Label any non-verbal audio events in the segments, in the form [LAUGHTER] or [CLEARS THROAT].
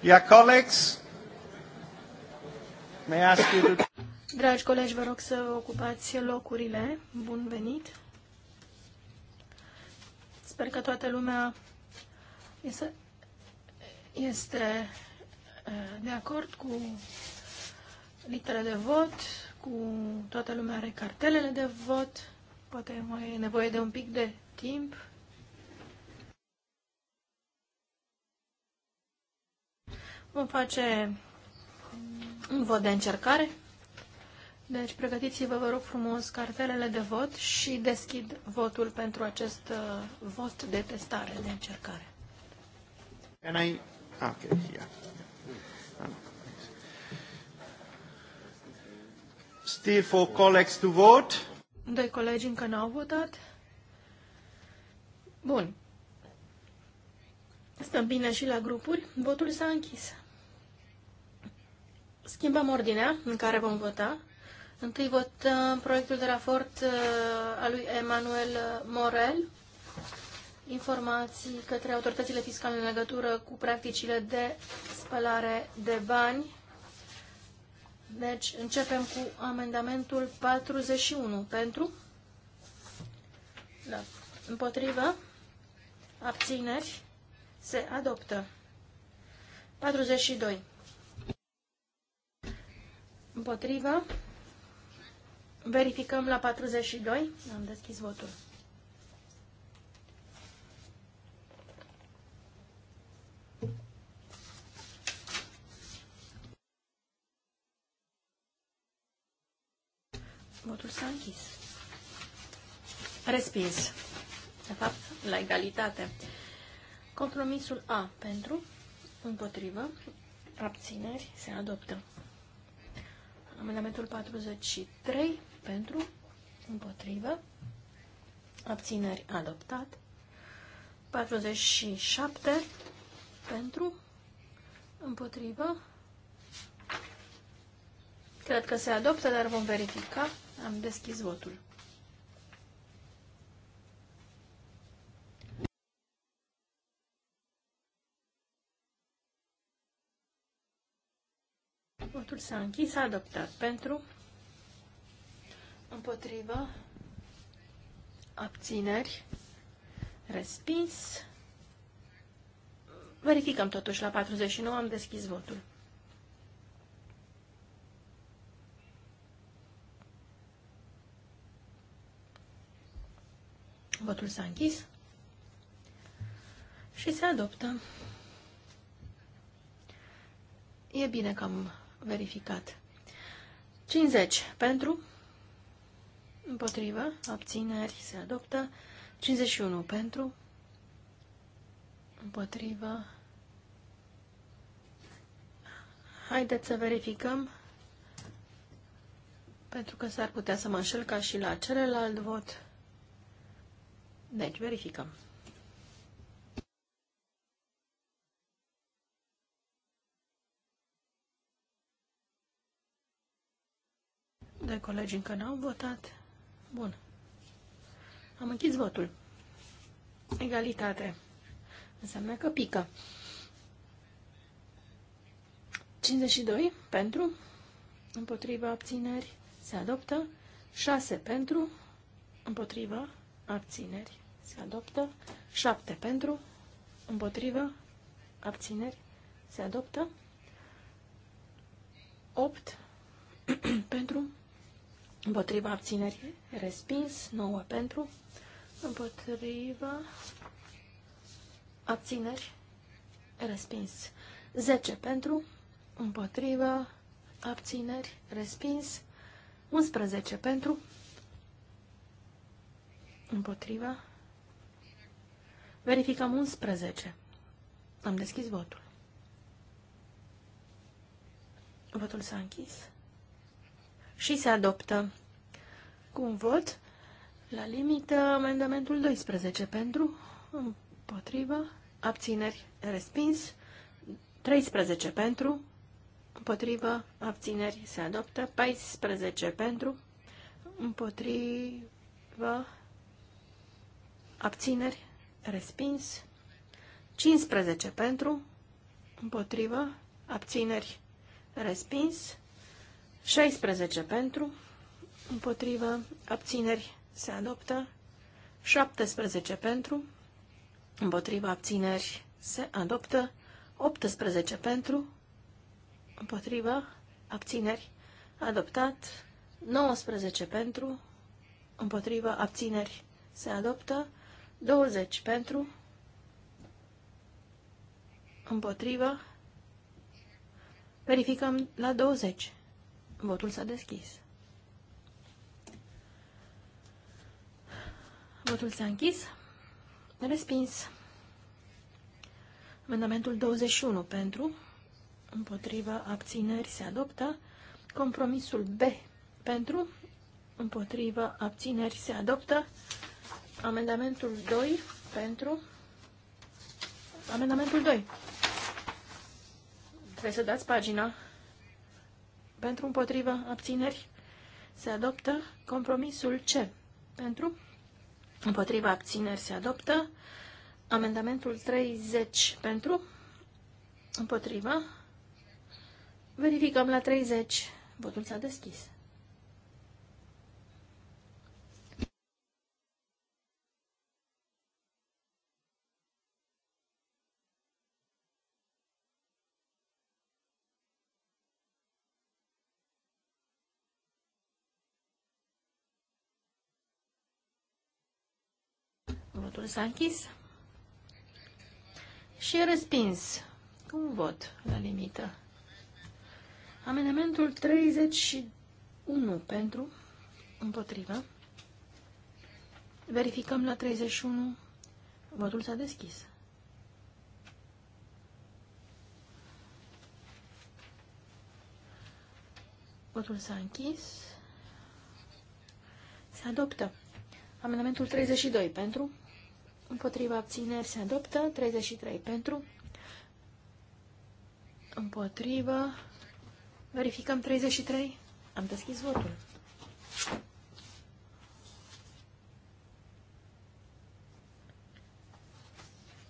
Dear colleagues, may I ask you to... Dragi colegi, vă rog să ocupați locurile. Bun venit! Sper că toată lumea este, este eh, de acord cu litera de vot, cu toată lumea are cartelele de vot, poate mai e nevoie de un pic de timp Vom face un vot de încercare. Deci pregătiți-vă, vă rog frumos, cartelele de vot și deschid votul pentru acest uh, vot de testare, de încercare. Can I... Okay, yeah. Still for colleagues to vote. Doi colegi încă n-au votat. Bun. Stăm bine și la grupuri. Votul s-a închis. Schimbăm ordinea în care vom vota. Întâi votăm proiectul de raport uh, al lui Emanuel Morel, informații către autoritățile fiscale în legătură cu practicile de spălare de bani. Deci începem cu amendamentul 41. Pentru? Da. Împotrivă? Abțineri? Se adoptă. 42. Împotrivă. Verificăm la 42. Am deschis votul. Votul s-a închis. Respins. De fapt, la egalitate. Compromisul A pentru, împotrivă, abțineri, se adoptă. Amendamentul 43 pentru, împotrivă, abțineri adoptat. 47 pentru, împotrivă. Cred că se adoptă, dar vom verifica. Am deschis votul. Votul s-a închis, a adoptat pentru, împotrivă, abțineri, respins. Verificăm totuși la 49, am deschis votul. Votul s-a închis și se adoptă. E bine că am verificat. 50 pentru, împotrivă, abțineri, se adoptă. 51 pentru, împotrivă. Haideți să verificăm, pentru că s-ar putea să mă înșel ca și la celălalt vot. Deci, verificăm. colegi încă n-au votat. Bun. Am închis votul. Egalitate. Înseamnă că pică. 52 pentru, împotriva abțineri, se adoptă. 6 pentru, împotriva abțineri, se adoptă. 7 pentru, împotriva abțineri, se adoptă. 8 [CLEARS THROAT] pentru, Împotriva abținerii, respins, 9 pentru. Împotriva abțineri respins, 10 pentru. Împotriva abțineri respins, 11 pentru. Împotriva. Verificăm 11. Am deschis votul. Votul s-a închis și se adoptă. Cu un vot, la limită, amendamentul 12 pentru, împotriva, abțineri, respins, 13 pentru, împotriva, abțineri, se adoptă, 14 pentru, împotriva, abțineri, respins, 15 pentru, împotriva, abțineri, respins, 16 pentru, împotrivă, abțineri se adoptă. 17 pentru, împotrivă, abțineri se adoptă. 18 pentru, împotrivă, abțineri adoptat. 19 pentru, împotrivă, abțineri se adoptă. 20 pentru, împotrivă, verificăm la 20. Votul s-a deschis. Votul s-a închis. Respins. Amendamentul 21 pentru, împotriva abțineri se adoptă. Compromisul B pentru, împotriva abțineri se adoptă. Amendamentul 2 pentru, amendamentul 2. Trebuie să dați pagina. Pentru împotrivă abțineri se adoptă compromisul C. Pentru împotrivă abțineri se adoptă amendamentul 30. Pentru împotrivă verificăm la 30. Votul s-a deschis. Votul s-a închis. Și e respins. Cu un vot la limită. Amendamentul 31 pentru, împotrivă. Verificăm la 31. Votul s-a deschis. Votul s-a închis. Se adoptă. Amendamentul 32 pentru, împotriva abțineri se adoptă, 33 pentru, împotriva, verificăm 33, am deschis votul.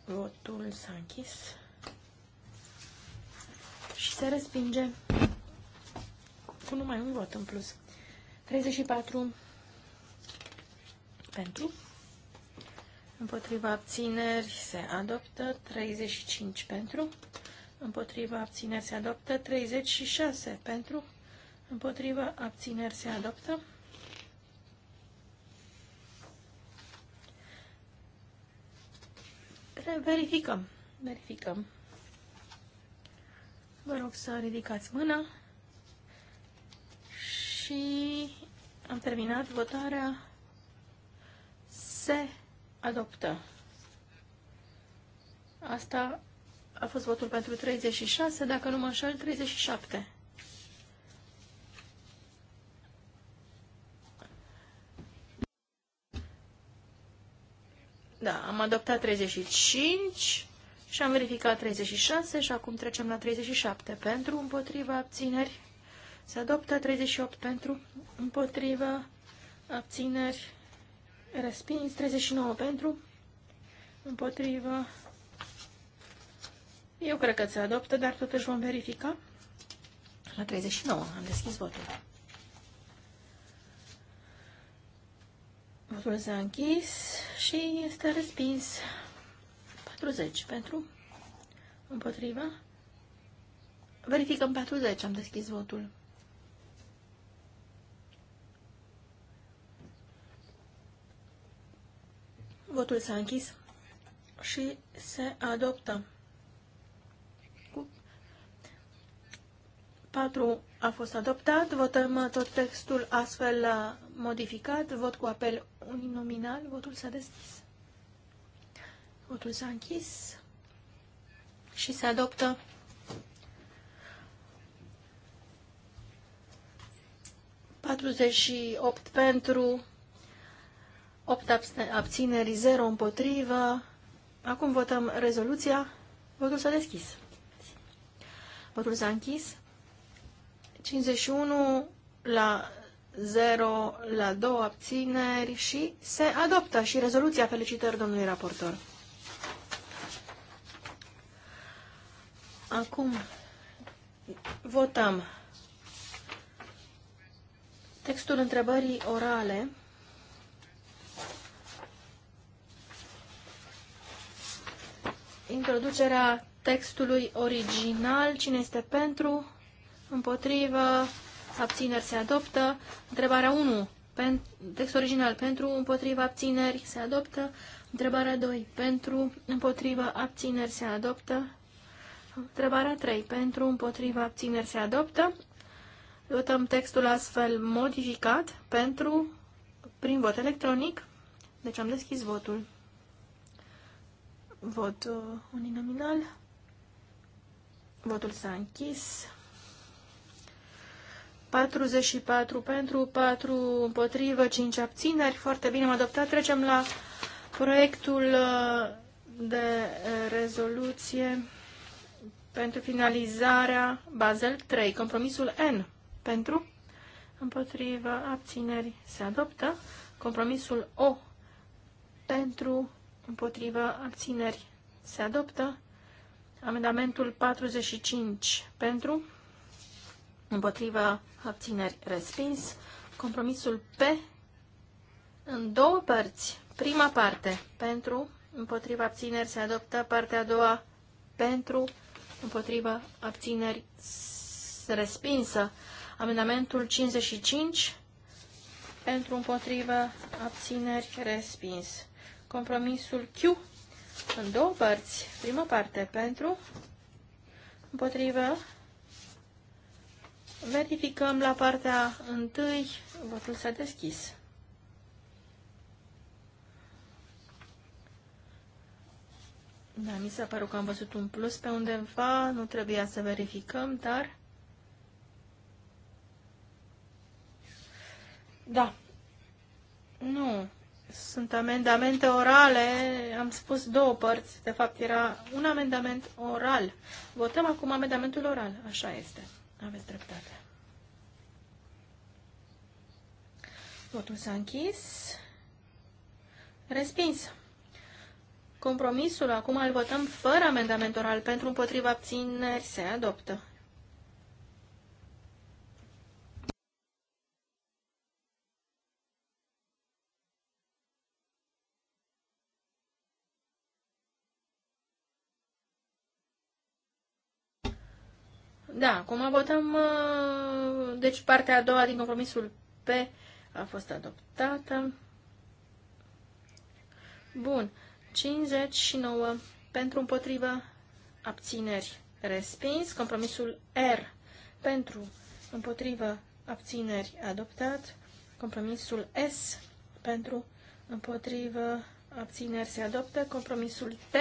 Votul s-a închis și se respinge cu numai un vot în plus. 34 pentru, Împotriva abțineri se adoptă 35 pentru. Împotriva abțineri se adoptă 36 pentru. Împotriva abțineri se adoptă. Verificăm. Verificăm. Vă rog să ridicați mâna. Și am terminat votarea. Se adoptă. Asta a fost votul pentru 36, dacă nu mă înșel, 37. Da, am adoptat 35 și am verificat 36 și acum trecem la 37. Pentru, împotriva, abțineri. Se adoptă 38 pentru, împotriva, abțineri respins, 39 pentru, împotrivă. Eu cred că se adoptă, dar totuși vom verifica. La 39 am deschis votul. Votul s-a închis și este respins 40 pentru, împotriva. Verificăm 40, am deschis votul. Votul s-a închis și se adoptă. Cu 4 a fost adoptat. Votăm tot textul astfel modificat. Vot cu apel uninominal. Votul s-a deschis. Votul s-a închis și se adoptă patruzeci și opt pentru 8 abțineri, 0 împotrivă. Acum votăm rezoluția. Votul s-a deschis. Votul s-a închis. 51 la 0 la 2 abțineri și se adoptă și rezoluția. Felicitări domnului raportor. Acum votăm textul întrebării orale introducerea textului original. Cine este pentru? Împotrivă? Abțineri se adoptă. Întrebarea 1. Pen, text original pentru, împotrivă, abțineri se adoptă. Întrebarea 2. Pentru, împotrivă, abțineri se adoptă. Întrebarea 3. Pentru, împotrivă, abțineri se adoptă. Votăm textul astfel modificat pentru, prin vot electronic. Deci am deschis votul. Vot uh, uninominal. Votul s-a închis. 44 pentru, 4 împotrivă, 5 abțineri. Foarte bine, am adoptat. Trecem la proiectul uh, de uh, rezoluție pentru finalizarea Basel 3, compromisul N. Pentru, împotrivă, abțineri se adoptă. Compromisul O pentru, împotrivă, abțineri, se adoptă. Amendamentul 45 pentru, împotrivă, abțineri, respins. Compromisul P în două părți. Prima parte pentru, împotriva abțineri se adoptă, partea a doua pentru, împotriva abțineri respinsă. Amendamentul 55 pentru împotriva abțineri respins. Compromisul Q în două părți. Prima parte pentru, împotrivă. Verificăm la partea întâi, votul s-a deschis. Da, mi s-a părut că am văzut un plus pe undeva, nu trebuia să verificăm, dar... Da. Nu. Sunt amendamente orale, am spus două părți, de fapt era un amendament oral. Votăm acum amendamentul oral, așa este. Aveți dreptate. Votul s-a închis. Respins. Compromisul acum îl votăm fără amendament oral pentru împotriva abțineri se adoptă. Da, acum votăm, uh, deci partea a doua din compromisul P a fost adoptată. Bun, 59 pentru împotriva abțineri respins, compromisul R pentru împotriva abțineri adoptat, compromisul S pentru împotriva abțineri se adoptă, compromisul T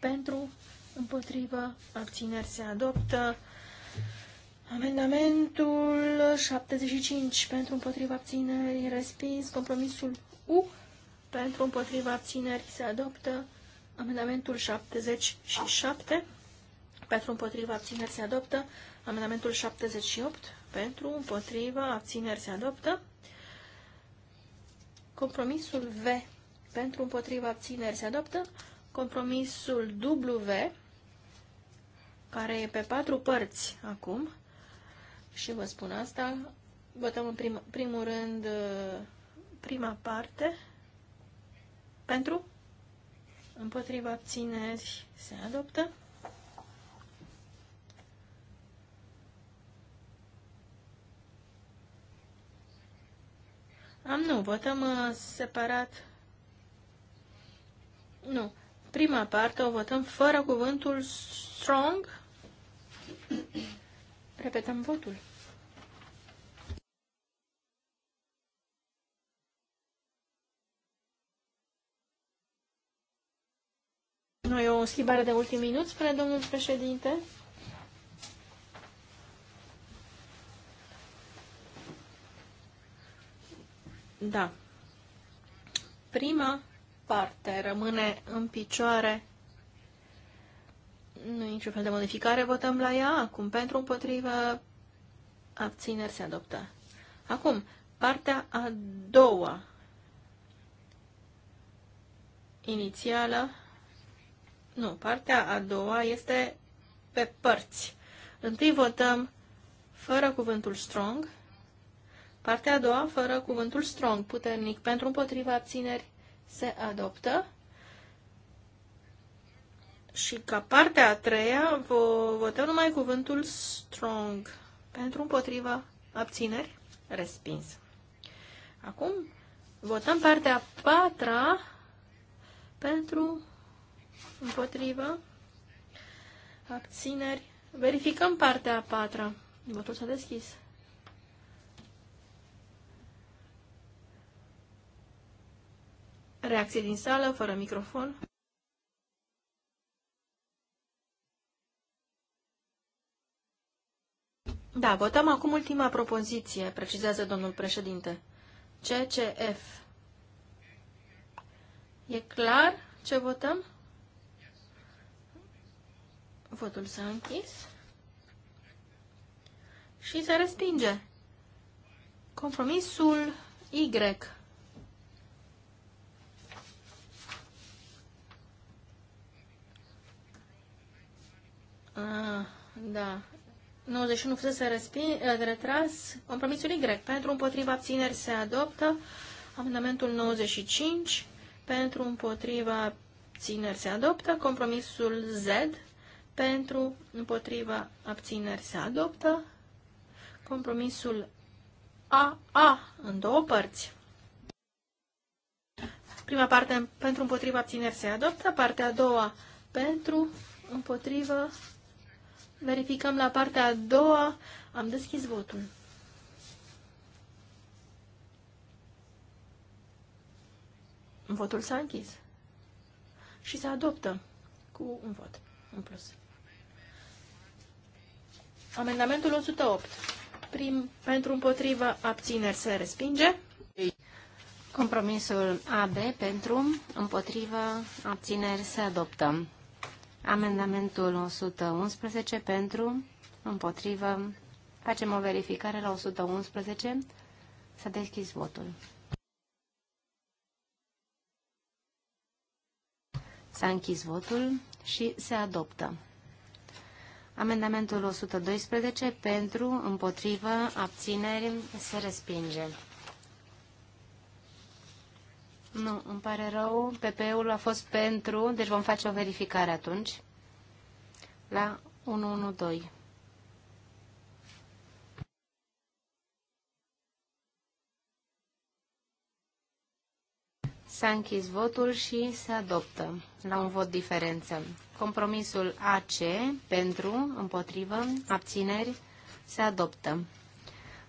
pentru împotriva abțineri se adoptă, Amendamentul 75 pentru împotriva abțineri respins. Compromisul U pentru împotriva abțineri se adoptă. Amendamentul 77 pentru împotriva abțineri se adoptă. Amendamentul 78 pentru împotriva abțineri se adoptă. Compromisul V pentru împotriva abțineri se adoptă. Compromisul W care e pe patru părți acum și vă spun asta. Votăm în prim, primul rând uh, prima parte. Pentru? Împotriva abțineri se adoptă. Am nu, votăm uh, separat. Nu. Prima parte o votăm fără cuvântul strong Repetăm votul. Nu e o schimbare de ultim minut, spune domnul președinte. Da. Prima parte rămâne în picioare nu e niciun fel de modificare, votăm la ea acum. Pentru, împotrivă, abțineri se adoptă. Acum, partea a doua inițială, nu, partea a doua este pe părți. Întâi votăm fără cuvântul strong, partea a doua fără cuvântul strong, puternic, pentru împotriva abțineri se adoptă. Și ca partea a treia dau numai cuvântul strong. Pentru împotriva abțineri, respins. Acum votăm partea a patra pentru împotriva abțineri. Verificăm partea a patra. Votul s-a deschis. Reacție din sală, fără microfon. Da, votăm acum ultima propoziție, precizează domnul președinte. CCF. E clar ce votăm? Votul s-a închis și se respinge. Compromisul Y. Ah, da, 91 fusese eh, retras. Compromisul Y. Pentru împotriva abțineri se adoptă. Amendamentul 95. Pentru împotriva abțineri se adoptă. Compromisul Z. Pentru împotriva abțineri se adoptă. Compromisul AA în două părți. Prima parte pentru împotriva abțineri se adoptă, partea a doua pentru împotriva Verificăm la partea a doua. Am deschis votul. Votul s-a închis. Și se adoptă cu un vot în plus. Amendamentul 108. Prim, pentru împotrivă, abțineri se respinge. Compromisul AB pentru împotrivă, abțineri se adoptă. Amendamentul 111 pentru, împotrivă, facem o verificare la 111, s-a deschis votul. S-a închis votul și se adoptă. Amendamentul 112 pentru, împotrivă, abțineri, se respinge. Nu, îmi pare rău. PP-ul a fost pentru, deci vom face o verificare atunci. La 112. S-a închis votul și se adoptă la un vot diferență. Compromisul AC pentru, împotrivă, abțineri, se adoptă.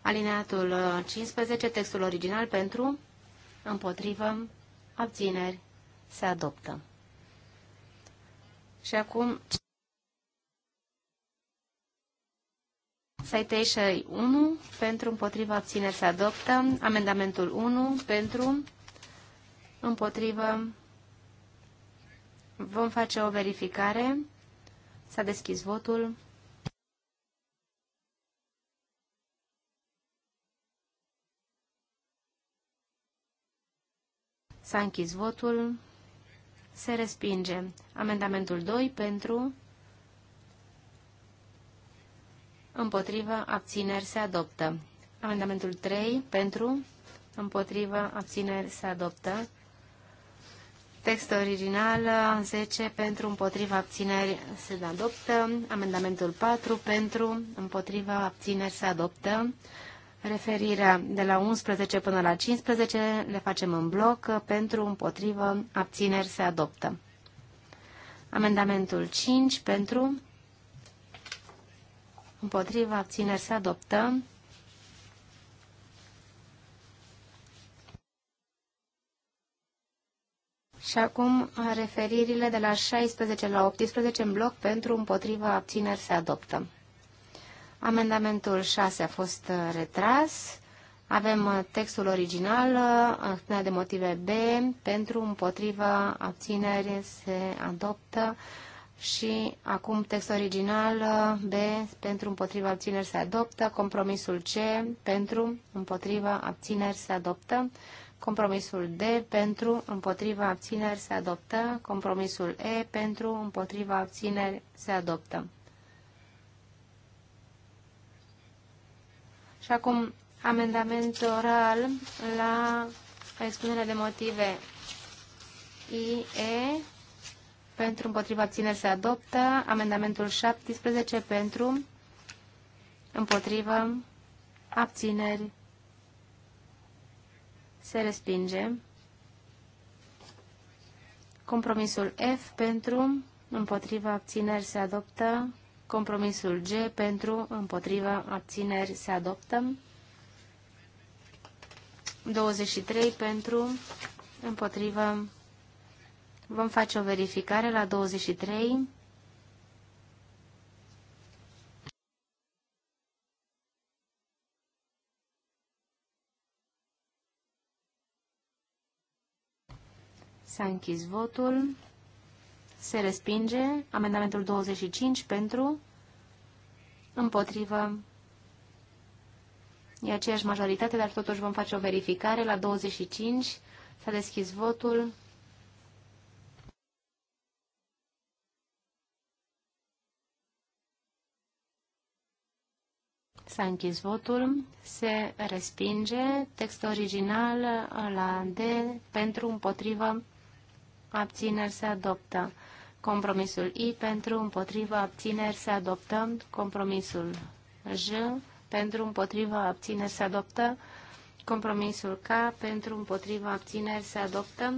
Alineatul 15, textul original pentru, împotrivă, abțineri, se adoptă. Și acum... Citation 1 pentru împotrivă, abțineri se adoptă. Amendamentul 1 pentru împotrivă. Vom face o verificare. S-a deschis votul. S-a închis votul. Se respinge. Amendamentul 2 pentru. Împotrivă. Abțineri. Se adoptă. Amendamentul 3 pentru. Împotrivă. Abțineri. Se adoptă. Text original 10 pentru împotriva abțineri se adoptă. Amendamentul 4 pentru împotriva abțineri se adoptă referirea de la 11 până la 15 le facem în bloc, pentru, împotrivă, abțineri se adoptă. Amendamentul 5 pentru, împotrivă, abțineri se adoptă. Și acum referirile de la 16 la 18 în bloc pentru, împotrivă, abțineri se adoptă. Amendamentul 6 a fost uh, retras. Avem uh, textul original, uh, acțiunea de motive B, pentru, împotrivă, abținere, se adoptă și acum text original B, pentru, împotriva, abțineri, se adoptă, compromisul C, pentru, împotriva, abțineri, se adoptă, compromisul D, pentru, împotriva, abțineri, se adoptă, compromisul E, pentru, împotriva, abțineri, se adoptă. Și acum amendament oral la expunerea de motive IE pentru împotriva ține se adoptă. Amendamentul 17 pentru împotriva abțineri se respinge. Compromisul F pentru împotriva abțineri se adoptă. Compromisul G pentru, împotriva, abțineri se adoptă. 23 pentru, împotriva, vom face o verificare la 23. S-a închis votul se respinge. Amendamentul 25 pentru, împotrivă, e aceeași majoritate, dar totuși vom face o verificare. La 25 s-a deschis votul. S-a închis votul, se respinge textul original la D pentru împotrivă abțineri se adoptă. Compromisul I pentru împotriva abțineri se adoptă. Compromisul J pentru împotriva abțineri se adoptă. Compromisul K pentru împotriva abțineri se adoptă.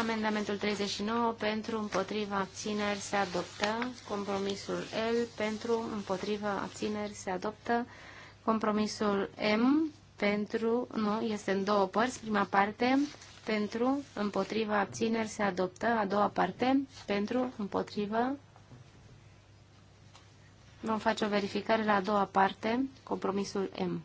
Amendamentul 39 pentru împotriva abțineri se adoptă. Compromisul L pentru împotriva abțineri se adoptă. Compromisul M pentru, nu, este în două părți, prima parte pentru, împotriva, abțineri, se adoptă, a doua parte pentru, împotriva, vom face o verificare la a doua parte, compromisul M.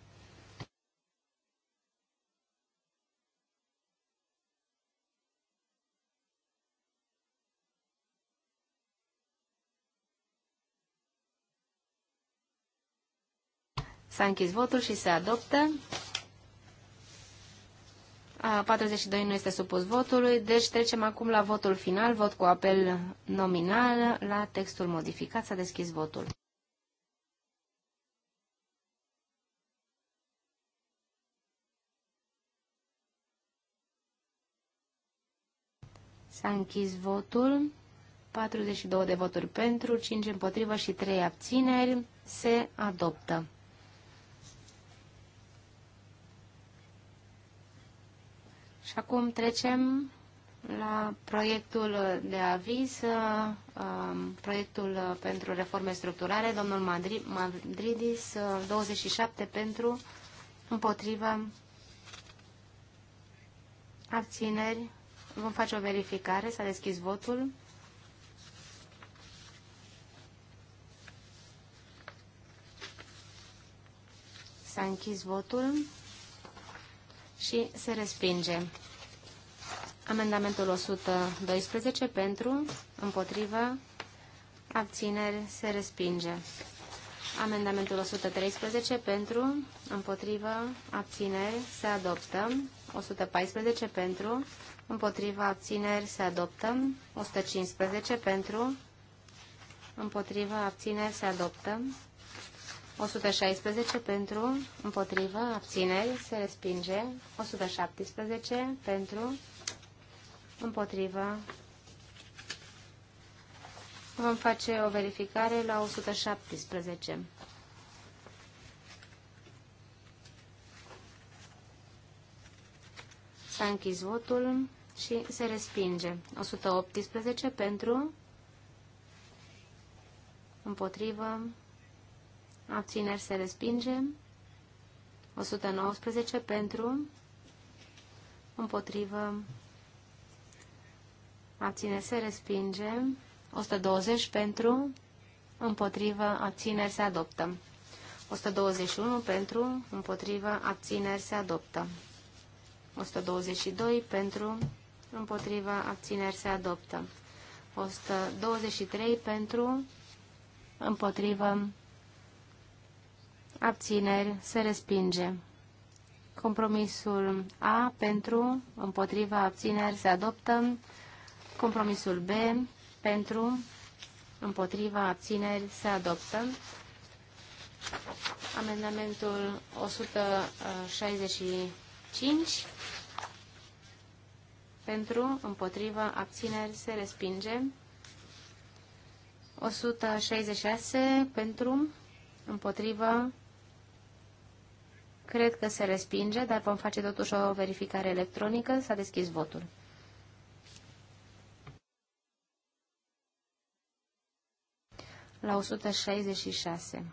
S-a închis votul și se adoptă. 42 nu este supus votului, deci trecem acum la votul final, vot cu apel nominal la textul modificat. S-a deschis votul. S-a închis votul. 42 de voturi pentru, 5 împotrivă și 3 abțineri. Se adoptă. Și acum trecem la proiectul de aviz, uh, um, proiectul uh, pentru reforme structurale, domnul Madridis, 27 uh, pentru, împotriva, abțineri. Vom face o verificare, s-a deschis votul. S-a închis votul și se respinge. Amendamentul 112 pentru, împotrivă, abțineri, se respinge. Amendamentul 113 pentru, împotrivă, abțineri, se adoptă. 114 pentru, împotrivă, abțineri, se adoptă. 115 pentru, împotrivă, abțineri, se adoptă. 116 pentru, împotrivă, abțineri, se respinge. 117 pentru, împotrivă. Vom face o verificare la 117. S-a închis votul și se respinge. 118 pentru, împotrivă, abțineri se respinge, 119 pentru, împotrivă, abțineri se respinge, 120 pentru, împotrivă, abțineri se adoptă, 121 pentru, împotrivă, abțineri se adoptă, 122 pentru, împotrivă, abțineri se adoptă, 123 pentru, împotrivă, abțineri, se respinge. Compromisul A pentru, împotriva, abțineri, se adoptă. Compromisul B pentru, împotriva, abțineri, se adoptă. Amendamentul 165 pentru, împotriva, abțineri, se respinge. 166 pentru, împotriva, Cred că se respinge, dar vom face totuși o verificare electronică. S-a deschis votul. La 166.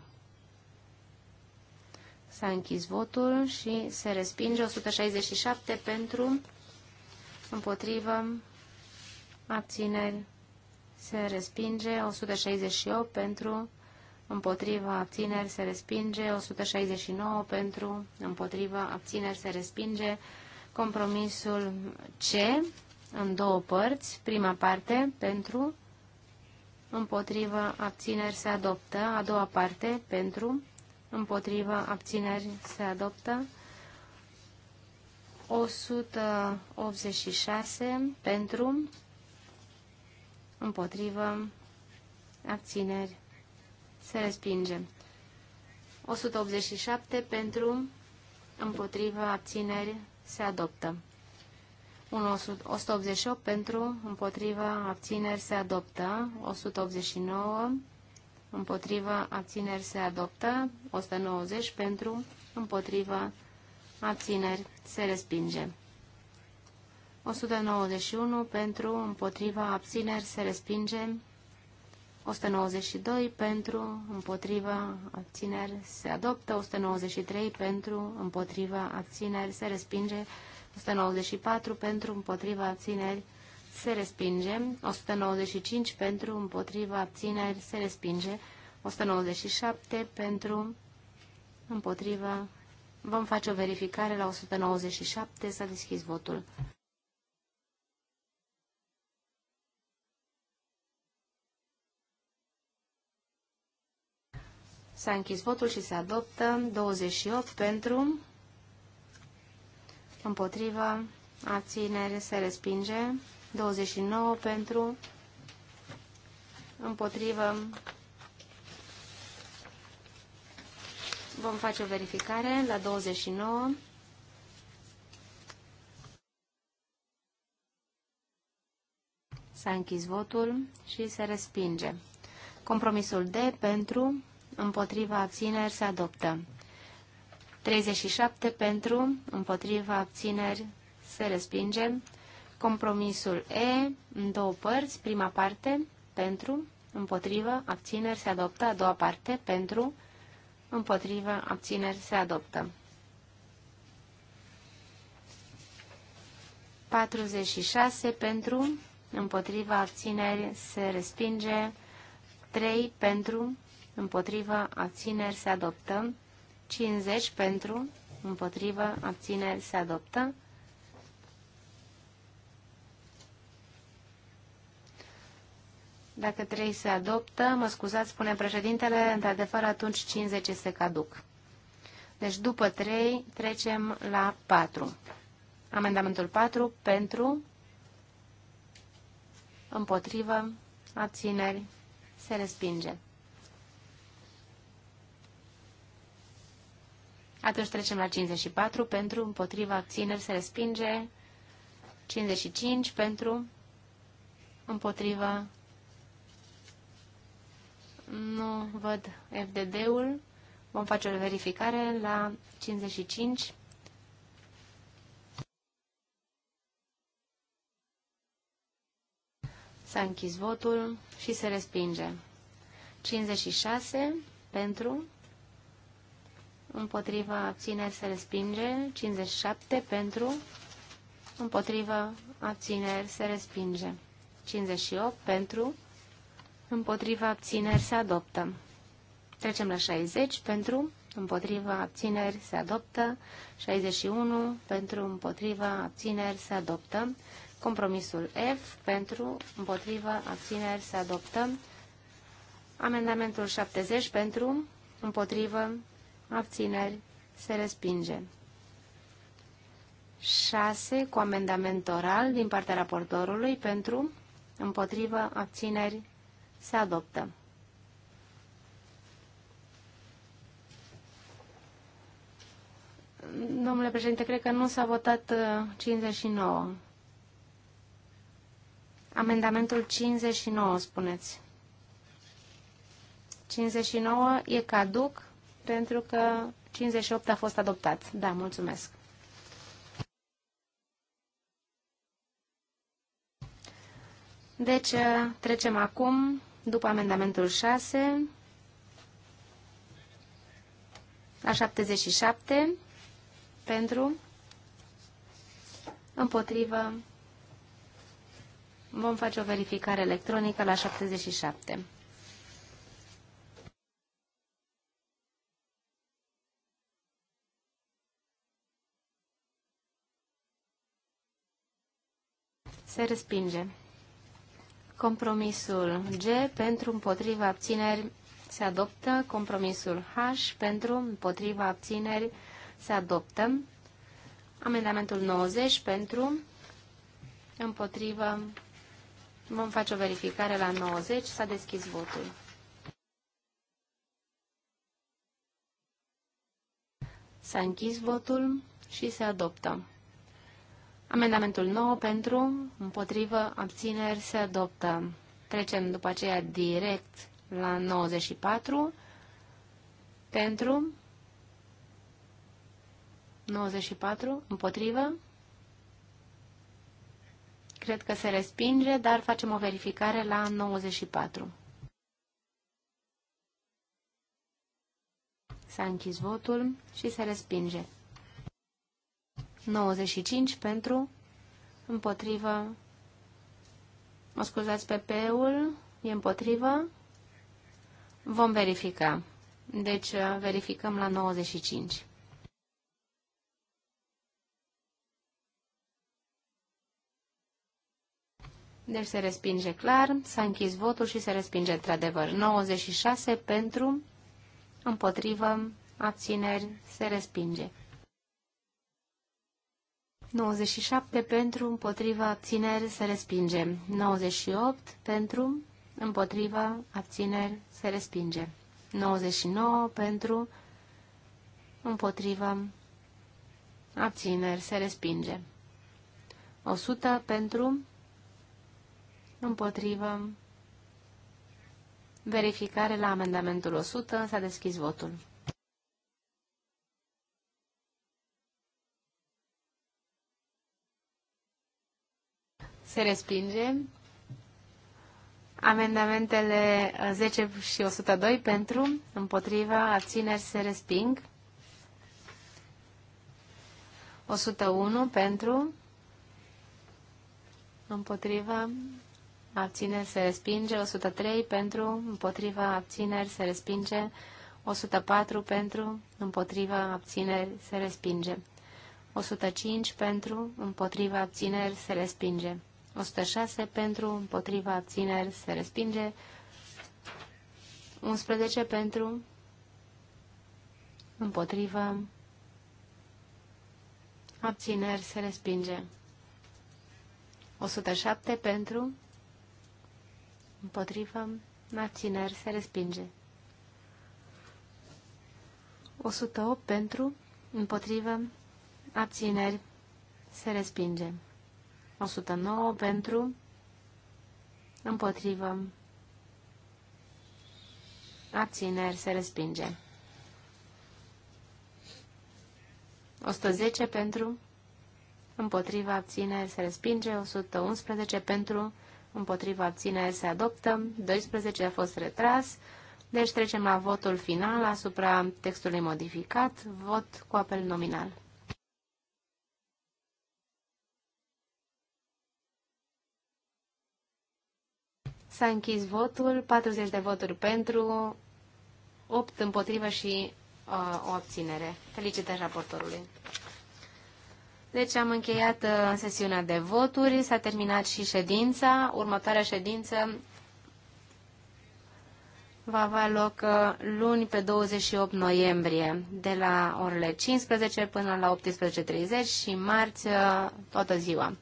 S-a închis votul și se respinge 167 pentru, împotrivă, abțineri, se respinge 168 pentru, împotriva abțineri se respinge, 169 pentru, împotriva abțineri se respinge, compromisul C în două părți, prima parte pentru, împotriva abțineri se adoptă, a doua parte pentru, împotriva abțineri se adoptă, 186 pentru, împotriva abțineri se respinge. 187 pentru, împotrivă, abțineri, se adoptă. 188 pentru, împotrivă, abțineri, se adoptă. 189 împotrivă, abțineri, se adoptă. 190 pentru, împotrivă, abțineri, se respinge. 191 pentru, împotriva, abțineri, se respinge. 192 pentru, împotriva, abțineri, se adoptă. 193 pentru, împotriva, abțineri, se respinge. 194 pentru, împotriva, abțineri, se respinge. 195 pentru, împotriva, abțineri, se respinge. 197 pentru, împotriva, vom face o verificare la 197, să a deschis votul. S-a închis votul și se adoptă 28 pentru, împotriva abținere, se respinge, 29 pentru, împotrivă, vom face o verificare la 29. S-a închis votul și se respinge. Compromisul D pentru împotriva abțineri se adoptă. 37 pentru, împotriva abțineri se respinge. Compromisul E, în două părți, prima parte, pentru, împotriva abțineri se adoptă, a doua parte, pentru, împotriva abțineri se adoptă. 46 pentru, împotriva abțineri se respinge, 3 pentru, împotriva, abțineri se adoptă. 50 pentru, împotriva, abțineri se adoptă. Dacă 3 se adoptă, mă scuzați, spune președintele, într-adevăr atunci 50 se caduc. Deci după 3 trecem la 4. Amendamentul 4 pentru, împotrivă, abțineri, se respinge. Atunci trecem la 54 pentru, împotriva, abțineri, se respinge. 55 pentru, împotriva, nu văd FDD-ul. Vom face o verificare la 55. S-a închis votul și se respinge. 56 pentru, împotriva abțineri se respinge, 57 pentru, împotriva abțineri se respinge, 58 pentru, împotriva abțineri se adoptă. Trecem la 60 pentru, împotriva abțineri se adoptă, 61 pentru, împotriva abțineri se adoptă, compromisul F pentru, împotriva abțineri se adoptă, amendamentul 70 pentru, împotrivă, abțineri, se respinge. 6. Cu amendament oral din partea raportorului pentru, împotrivă, abțineri, se adoptă. Domnule președinte, cred că nu s-a votat 59. Uh, Amendamentul 59, spuneți. 59 e caduc pentru că 58 a fost adoptat. Da, mulțumesc. Deci, uh, trecem acum, după amendamentul 6, la 77, pentru, împotrivă, vom face o verificare electronică la 77. se respinge. Compromisul G pentru împotriva abțineri se adoptă. Compromisul H pentru împotriva abțineri se adoptă. Amendamentul 90 pentru împotriva. Vom face o verificare la 90. S-a deschis votul. S-a închis votul și se adoptă. Amendamentul 9 pentru, împotrivă, abțineri se adoptă. Trecem după aceea direct la 94 pentru 94 împotrivă. Cred că se respinge, dar facem o verificare la 94. S-a închis votul și se respinge. 95 pentru, împotrivă, mă scuzați, PP-ul e împotrivă, vom verifica. Deci uh, verificăm la 95. Deci se respinge clar, s-a închis votul și se respinge într-adevăr. 96 pentru, împotrivă, abțineri, se respinge. 97 pentru, împotriva, abțineri, se respinge. 98 pentru, împotriva, abțineri, se respinge. 99 pentru, împotriva, abțineri, se respinge. 100 pentru, împotriva, verificare la amendamentul 100, s-a deschis votul. Se respinge. Amendamentele 10 uh, și 102 pentru, împotriva, abțineri se resping. 101 pentru, împotriva, abțineri se respinge. 103 pentru, împotriva, abțineri se respinge. 104 pentru, împotriva, abțineri se respinge. 105 pentru, împotriva, abțineri se respinge. 106 pentru, împotriva abțineri se respinge. 11 pentru, împotriva abțineri se respinge. 107 pentru, împotriva abțineri se respinge. 108 pentru, împotriva abțineri se respinge. 109 pentru, împotrivă, abțineri, se respinge. 110 pentru, împotriva abțineri se respinge, 111 pentru, împotriva abțineri se adoptă, 12 a fost retras, deci trecem la votul final asupra textului modificat, vot cu apel nominal. S-a închis votul, 40 de voturi pentru, 8 împotrivă și uh, o abținere. Felicitări raportorului. Deci am încheiat uh, sesiunea de voturi, s-a terminat și ședința. Următoarea ședință va avea loc uh, luni pe 28 noiembrie de la orele 15 până la 18.30 și marți uh, toată ziua.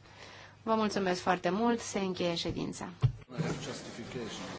Vă mulțumesc foarte mult, se încheie ședința. Justification.